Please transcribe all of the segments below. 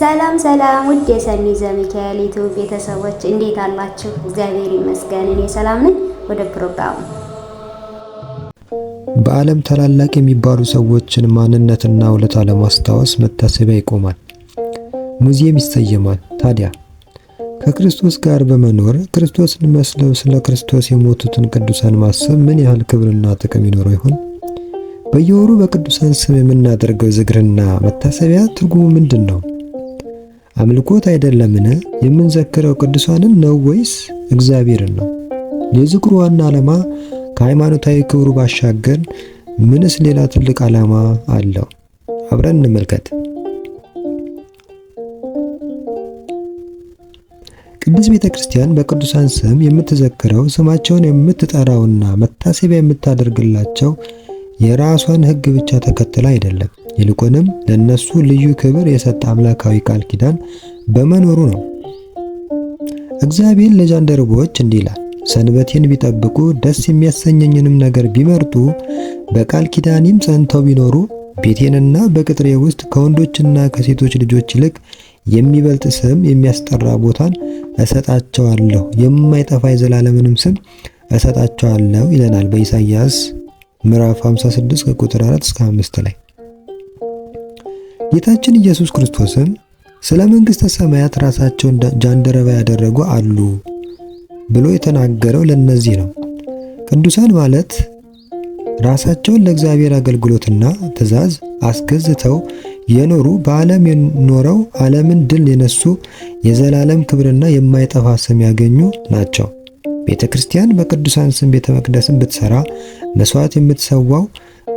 ሰላም ሰላም ውድ የሰኒ ዘሚካኤል ዩቲዩብ ቤተሰቦች እንዴት አላችሁ? እግዚአብሔር ይመስገን እኔ ሰላም ነኝ። ወደ ፕሮግራሙ። በዓለም ታላላቅ የሚባሉ ሰዎችን ማንነትና ውለታ ለማስታወስ መታሰቢያ ይቆማል፣ ሙዚየም ይሰየማል። ታዲያ ከክርስቶስ ጋር በመኖር ክርስቶስን መስለው ስለ ክርስቶስ የሞቱትን ቅዱሳን ማሰብ ምን ያህል ክብርና ጥቅም ይኖረው ይሆን? በየወሩ በቅዱሳን ስም የምናደርገው ዝግርና መታሰቢያ ትርጉሙ ምንድን ነው? አምልኮት አይደለምን? የምንዘክረው ቅዱሳንን ነው ወይስ እግዚአብሔርን ነው? የዝክሩ ዋና ዓላማ ከሃይማኖታዊ ክብሩ ባሻገር ምንስ ሌላ ትልቅ ዓላማ አለው? አብረን እንመልከት። ቅዱስ ቤተ ክርስቲያን በቅዱሳን ስም የምትዘክረው ስማቸውን የምትጠራውና መታሰቢያ የምታደርግላቸው የራሷን ሕግ ብቻ ተከትላ አይደለም። ይልቁንም ለነሱ ልዩ ክብር የሰጠ አምላካዊ ቃል ኪዳን በመኖሩ ነው። እግዚአብሔር ለጃንደረቦች እንዲህ ይላል፣ ሰንበቴን ቢጠብቁ ደስ የሚያሰኘኝንም ነገር ቢመርጡ በቃል ኪዳኔም ጸንተው ቢኖሩ ቤቴንና በቅጥሬ ውስጥ ከወንዶችና ከሴቶች ልጆች ይልቅ የሚበልጥ ስም የሚያስጠራ ቦታን እሰጣቸዋለሁ፣ የማይጠፋ የዘላለምንም ስም እሰጣቸዋለሁ ይለናል በኢሳይያስ ምዕራፍ 56 ከቁጥር 4 እስከ 5 ላይ። ጌታችን ኢየሱስ ክርስቶስም ስለ መንግሥተ ሰማያት ራሳቸውን ጃንደረባ ያደረጉ አሉ ብሎ የተናገረው ለእነዚህ ነው። ቅዱሳን ማለት ራሳቸውን ለእግዚአብሔር አገልግሎትና ትእዛዝ አስገዝተው የኖሩ በዓለም የኖረው ዓለምን ድል የነሱ የዘላለም ክብርና የማይጠፋ ስም ያገኙ ናቸው። ቤተ ክርስቲያን በቅዱሳን ስም ቤተ መቅደስን ብትሰራ መሥዋዕት የምትሰዋው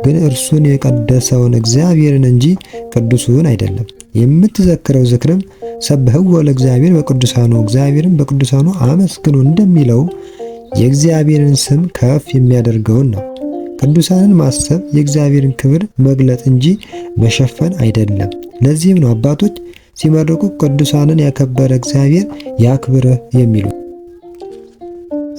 ግን እርሱን የቀደሰውን እግዚአብሔርን እንጂ ቅዱሱን አይደለም። የምትዘክረው ዝክርም ሰብህወ ለእግዚአብሔር በቅዱሳኑ እግዚአብሔርን በቅዱሳኑ አመስግኑ እንደሚለው የእግዚአብሔርን ስም ከፍ የሚያደርገውን ነው። ቅዱሳንን ማሰብ የእግዚአብሔርን ክብር መግለጥ እንጂ መሸፈን አይደለም። ለዚህም ነው አባቶች ሲመርቁ ቅዱሳንን ያከበረ እግዚአብሔር ያክብርህ የሚሉት።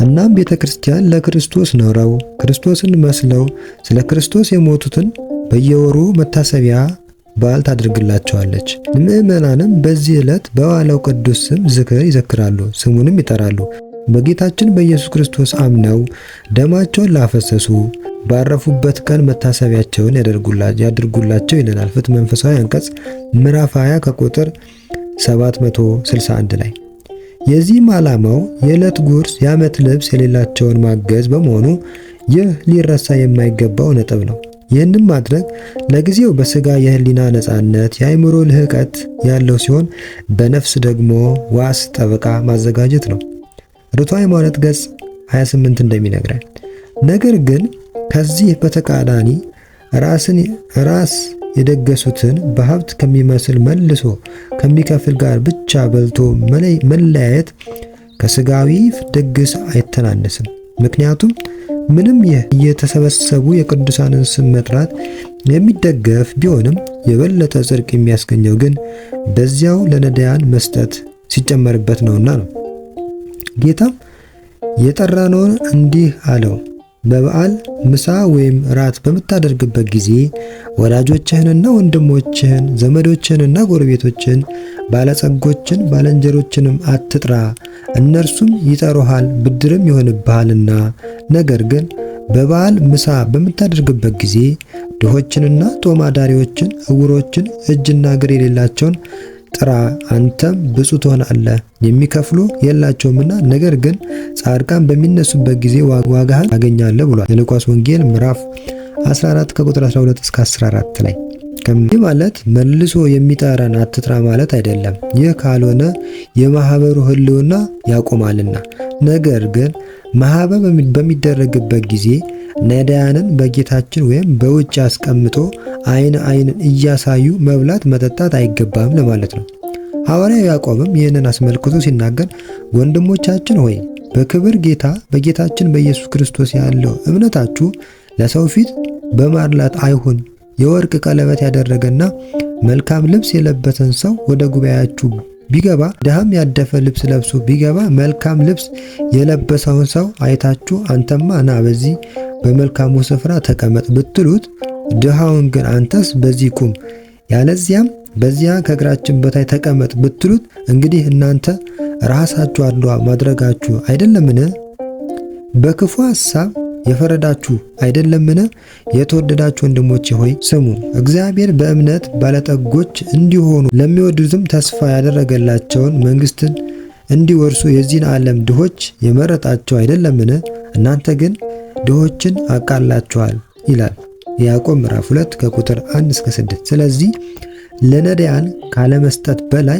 እናም ቤተ ክርስቲያን ለክርስቶስ ኖረው ክርስቶስን መስለው ስለ ክርስቶስ የሞቱትን በየወሩ መታሰቢያ በዓል ታደርግላቸዋለች። ምእመናንም በዚህ ዕለት በዋለው ቅዱስ ስም ዝክር ይዘክራሉ፣ ስሙንም ይጠራሉ። በጌታችን በኢየሱስ ክርስቶስ አምነው ደማቸውን ላፈሰሱ ባረፉበት ቀን መታሰቢያቸውን ያድርጉላቸው ይለናል ፍትሐ መንፈሳዊ አንቀጽ ምዕራፍ 20 ከቁጥር 761 ላይ። የዚህም ዓላማው የዕለት ጉርስ፣ የዓመት ልብስ የሌላቸውን ማገዝ በመሆኑ ይህ ሊረሳ የማይገባው ነጥብ ነው። ይህንም ማድረግ ለጊዜው በሥጋ የህሊና ነፃነት፣ የአይምሮ ልህቀት ያለው ሲሆን በነፍስ ደግሞ ዋስ ጠበቃ ማዘጋጀት ነው። ርቱ ሃይማኖት ገጽ 28 እንደሚነግረን ነገር ግን ከዚህ በተቃራኒ ራስን ራስ የደገሱትን በሀብት ከሚመስል መልሶ ከሚከፍል ጋር ብቻ በልቶ መለያየት ከስጋዊ ድግስ አይተናነስም። ምክንያቱም ምንም እየተሰበሰቡ የቅዱሳንን ስም መጥራት የሚደገፍ ቢሆንም የበለጠ ጽድቅ የሚያስገኘው ግን በዚያው ለነዳያን መስጠት ሲጨመርበት ነውና ነው። ጌታም የጠራነውን እንዲህ አለው፣ በበዓል ምሳ ወይም ራት በምታደርግበት ጊዜ ወላጆችህንና ወንድሞችህን ዘመዶችህንና ጎረቤቶችህን ባለጸጎችን ባለንጀሮችንም አትጥራ፣ እነርሱም ይጠሩሃል ብድርም ይሆንብሃልና። ነገር ግን በበዓል ምሳ በምታደርግበት ጊዜ ድሆችንና ጦማዳሪዎችን፣ እውሮችን፣ እጅና እግር የሌላቸውን ጥራ፣ አንተም ብፁዕ ትሆናለህ። የሚከፍሉ የላቸውምና፣ ነገር ግን ጻድቃን በሚነሱበት ጊዜ ዋጋህን ታገኛለህ ብሏል የሉቃስ ወንጌል ምዕራፍ 14 ከቁጥር 12 እስከ 14 ላይ ይህ ማለት መልሶ የሚጠራን አትጥራ ማለት አይደለም። ይህ ካልሆነ የማህበሩ ህልውና ያቆማልና። ነገር ግን ማህበር በሚደረግበት ጊዜ ነዳያንን በጌታችን ወይም በውጭ አስቀምጦ አይን አይንን እያሳዩ መብላት መጠጣት አይገባም ለማለት ነው። ሐዋርያው ያዕቆብም ይህንን አስመልክቶ ሲናገር ወንድሞቻችን ሆይ በክብር ጌታ በጌታችን በኢየሱስ ክርስቶስ ያለው እምነታችሁ ለሰው ፊት በማድላት አይሁን። የወርቅ ቀለበት ያደረገና መልካም ልብስ የለበሰን ሰው ወደ ጉባኤያችሁ ቢገባ ድሃም ያደፈ ልብስ ለብሶ ቢገባ መልካም ልብስ የለበሰውን ሰው አይታችሁ አንተማ ና በዚህ በመልካሙ ስፍራ ተቀመጥ ብትሉት፣ ድሃውን ግን አንተስ በዚህ ቁም ያለዚያም በዚያ ከእግራችን በታይ ተቀመጥ ብትሉት፣ እንግዲህ እናንተ ራሳችሁ አድልዋ ማድረጋችሁ አይደለምን? በክፉ ሐሳብ የፈረዳችሁ አይደለምን? የተወደዳችሁ ወንድሞቼ ሆይ ስሙ። እግዚአብሔር በእምነት ባለጠጎች እንዲሆኑ ለሚወዱትም ተስፋ ያደረገላቸውን መንግስትን እንዲወርሱ የዚህን ዓለም ድሆች የመረጣቸው አይደለምን? እናንተ ግን ድሆችን አቃላችኋል ይላል። ያዕቆብ ምዕራፍ 2 ከቁጥር 1 እስከ 6 ስለዚህ ለነዳያን ካለመስጠት በላይ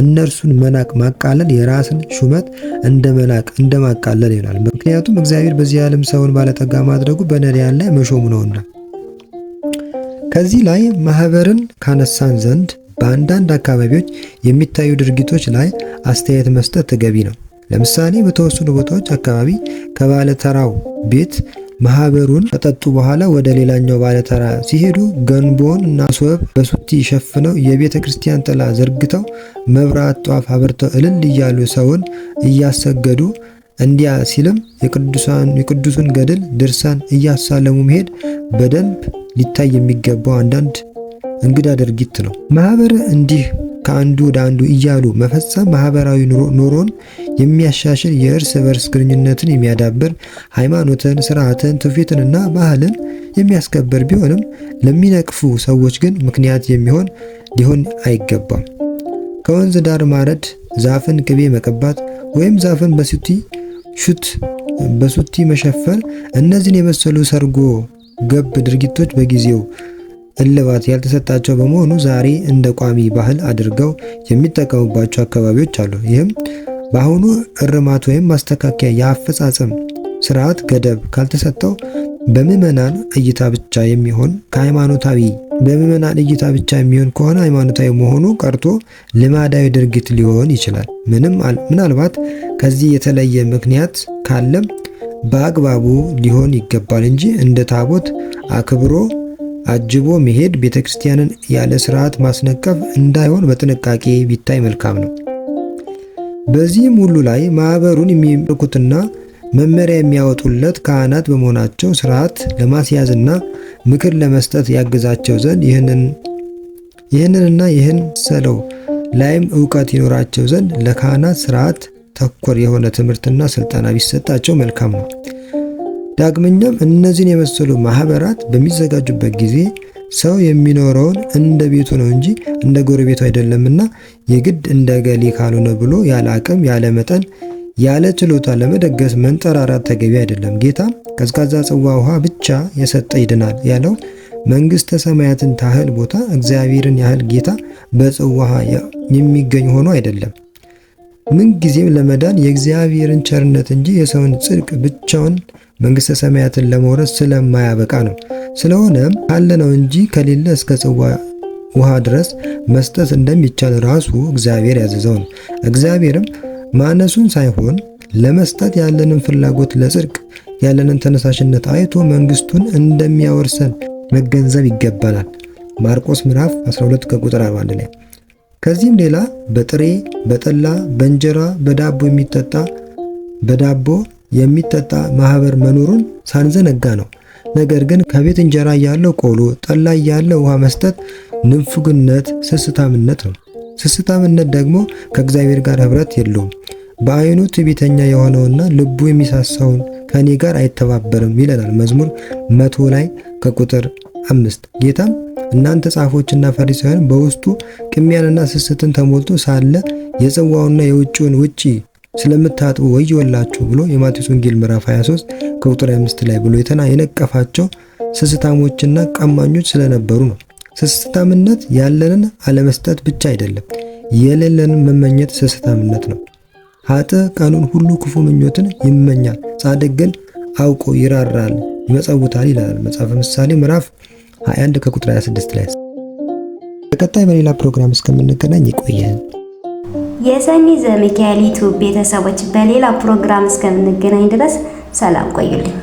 እነርሱን መናቅ ማቃለል የራስን ሹመት እንደ መናቅ እንደ ማቃለል ይሆናል። ምክንያቱም እግዚአብሔር በዚህ ዓለም ሰውን ባለጠጋ ማድረጉ በነዳያን ላይ መሾሙ ነውና። ከዚህ ላይ ማህበርን ካነሳን ዘንድ በአንዳንድ አካባቢዎች የሚታዩ ድርጊቶች ላይ አስተያየት መስጠት ተገቢ ነው። ለምሳሌ በተወሰኑ ቦታዎች አካባቢ ከባለተራው ቤት ማህበሩን ከጠጡ በኋላ ወደ ሌላኛው ባለተራ ሲሄዱ ገንቦን እና ሶብ በሱቲ ሸፍነው የቤተ ክርስቲያን ጥላ ዘርግተው መብራት ጧፍ አብርተው እልል እያሉ ሰውን እያሰገዱ እንዲያ ሲልም የቅዱሱን ገድል ድርሳን እያሳለሙ መሄድ በደንብ ሊታይ የሚገባው አንዳንድ እንግዳ ድርጊት ነው። ማህበር እንዲህ ከአንዱ ወደ አንዱ እያሉ መፈጸም ማህበራዊ ኑሮን የሚያሻሽል የእርስ በርስ ግንኙነትን የሚያዳብር ሃይማኖትን፣ ስርዓትን፣ ትውፊትንና ባህልን የሚያስከብር ቢሆንም ለሚነቅፉ ሰዎች ግን ምክንያት የሚሆን ሊሆን አይገባም። ከወንዝ ዳር ማረድ፣ ዛፍን ቅቤ መቀባት ወይም ዛፍን በሱቲ ሹት በሱቲ መሸፈን እነዚህን የመሰሉ ሰርጎ ገብ ድርጊቶች በጊዜው እልባት ያልተሰጣቸው በመሆኑ ዛሬ እንደ ቋሚ ባህል አድርገው የሚጠቀሙባቸው አካባቢዎች አሉ። ይህም በአሁኑ እርማት ወይም ማስተካከያ የአፈጻጸም ስርዓት ገደብ ካልተሰጠው በምዕመናን እይታ ብቻ የሚሆን ከሃይማኖታዊ በምዕመናን እይታ ብቻ የሚሆን ከሆነ ሃይማኖታዊ መሆኑ ቀርቶ ልማዳዊ ድርጊት ሊሆን ይችላል። ምንም ምናልባት ከዚህ የተለየ ምክንያት ካለም በአግባቡ ሊሆን ይገባል እንጂ እንደ ታቦት አክብሮ አጅቦ መሄድ ቤተ ክርስቲያንን ያለ ስርዓት ማስነቀፍ እንዳይሆን በጥንቃቄ ቢታይ መልካም ነው። በዚህም ሁሉ ላይ ማኅበሩን የሚመልኩትና መመሪያ የሚያወጡለት ካህናት በመሆናቸው ስርዓት ለማስያዝና ምክር ለመስጠት ያግዛቸው ዘንድ ይህንንና ይህን ሰለው ላይም እውቀት ይኖራቸው ዘንድ ለካህናት ስርዓት ተኮር የሆነ ትምህርትና ስልጠና ቢሰጣቸው መልካም ነው። ዳግመኛም እነዚህን የመሰሉ ማህበራት በሚዘጋጁበት ጊዜ ሰው የሚኖረውን እንደ ቤቱ ነው እንጂ እንደ ጎረቤቱ አይደለምና የግድ እንደ ገሌ ካልሆነ ብሎ ያለ አቅም ያለ መጠን ያለ ችሎታ ለመደገስ መንጠራራት ተገቢ አይደለም። ጌታ ቀዝቃዛ ጽዋ ውሃ ብቻ የሰጠ ይድናል ያለው መንግሥተ ሰማያትን ታህል ቦታ እግዚአብሔርን ያህል ጌታ በጽዋ የሚገኝ ሆኖ አይደለም። ምንጊዜም ለመዳን የእግዚአብሔርን ቸርነት እንጂ የሰውን ጽድቅ ብቻውን መንግሥተ ሰማያትን ለመውረስ ስለማያበቃ ነው። ስለሆነም ካለ ነው እንጂ ከሌለ እስከ ጽዋ ውሃ ድረስ መስጠት እንደሚቻል ራሱ እግዚአብሔር ያዘዘው ነው። እግዚአብሔርም ማነሱን ሳይሆን ለመስጠት ያለንን ፍላጎት፣ ለጽድቅ ያለንን ተነሳሽነት አይቶ መንግሥቱን እንደሚያወርሰን መገንዘብ ይገባናል። ማርቆስ ምዕራፍ 12 ከቁጥር 41 ላይ ከዚህም ሌላ በጥሬ በጠላ በእንጀራ በዳቦ የሚጠጣ በዳቦ የሚጠጣ ማህበር መኖሩን ሳንዘነጋ ነው። ነገር ግን ከቤት እንጀራ እያለ ቆሎ፣ ጠላ እያለ ውሃ መስጠት ንፉግነት፣ ስስታምነት ነው። ስስታምነት ደግሞ ከእግዚአብሔር ጋር ኅብረት የለውም። በአይኑ ትዕቢተኛ የሆነውና ልቡ የሚሳሳውን ከእኔ ጋር አይተባበርም ይለናል መዝሙር መቶ ላይ ከቁጥር አምስት ጌታም እናንተ ጻፎችና ፈሪሳውያን በውስጡ ቅሚያንና ስስትን ተሞልቶ ሳለ የጽዋውንና የውጭውን ውጪ ስለምታጥቡ ወዮላችሁ ብሎ የማቴዎስ ወንጌል ምዕራፍ 23 ከቁጥር 5 ላይ ብሎ የተና የነቀፋቸው ስስታሞችና ቀማኞች ስለነበሩ ነው። ስስታምነት ያለንን አለመስጠት ብቻ አይደለም፣ የሌለንን መመኘት ስስታምነት ነው። ሀጥ ቀኑን ሁሉ ክፉ ምኞትን ይመኛል፣ ጻድቅ ግን አውቆ ይራራል፣ ይመጸውታል ይላል መጽሐፈ ምሳሌ ምዕራፍ 21 ከቁጥር 26 ላይ። በቀጣይ በሌላ ፕሮግራም እስከምንገናኝ ይቆያል የሰኒ ዘሚካኤል ቤተሰቦች በሌላ ፕሮግራም እስከምንገናኝ ድረስ ሰላም ቆዩልኝ።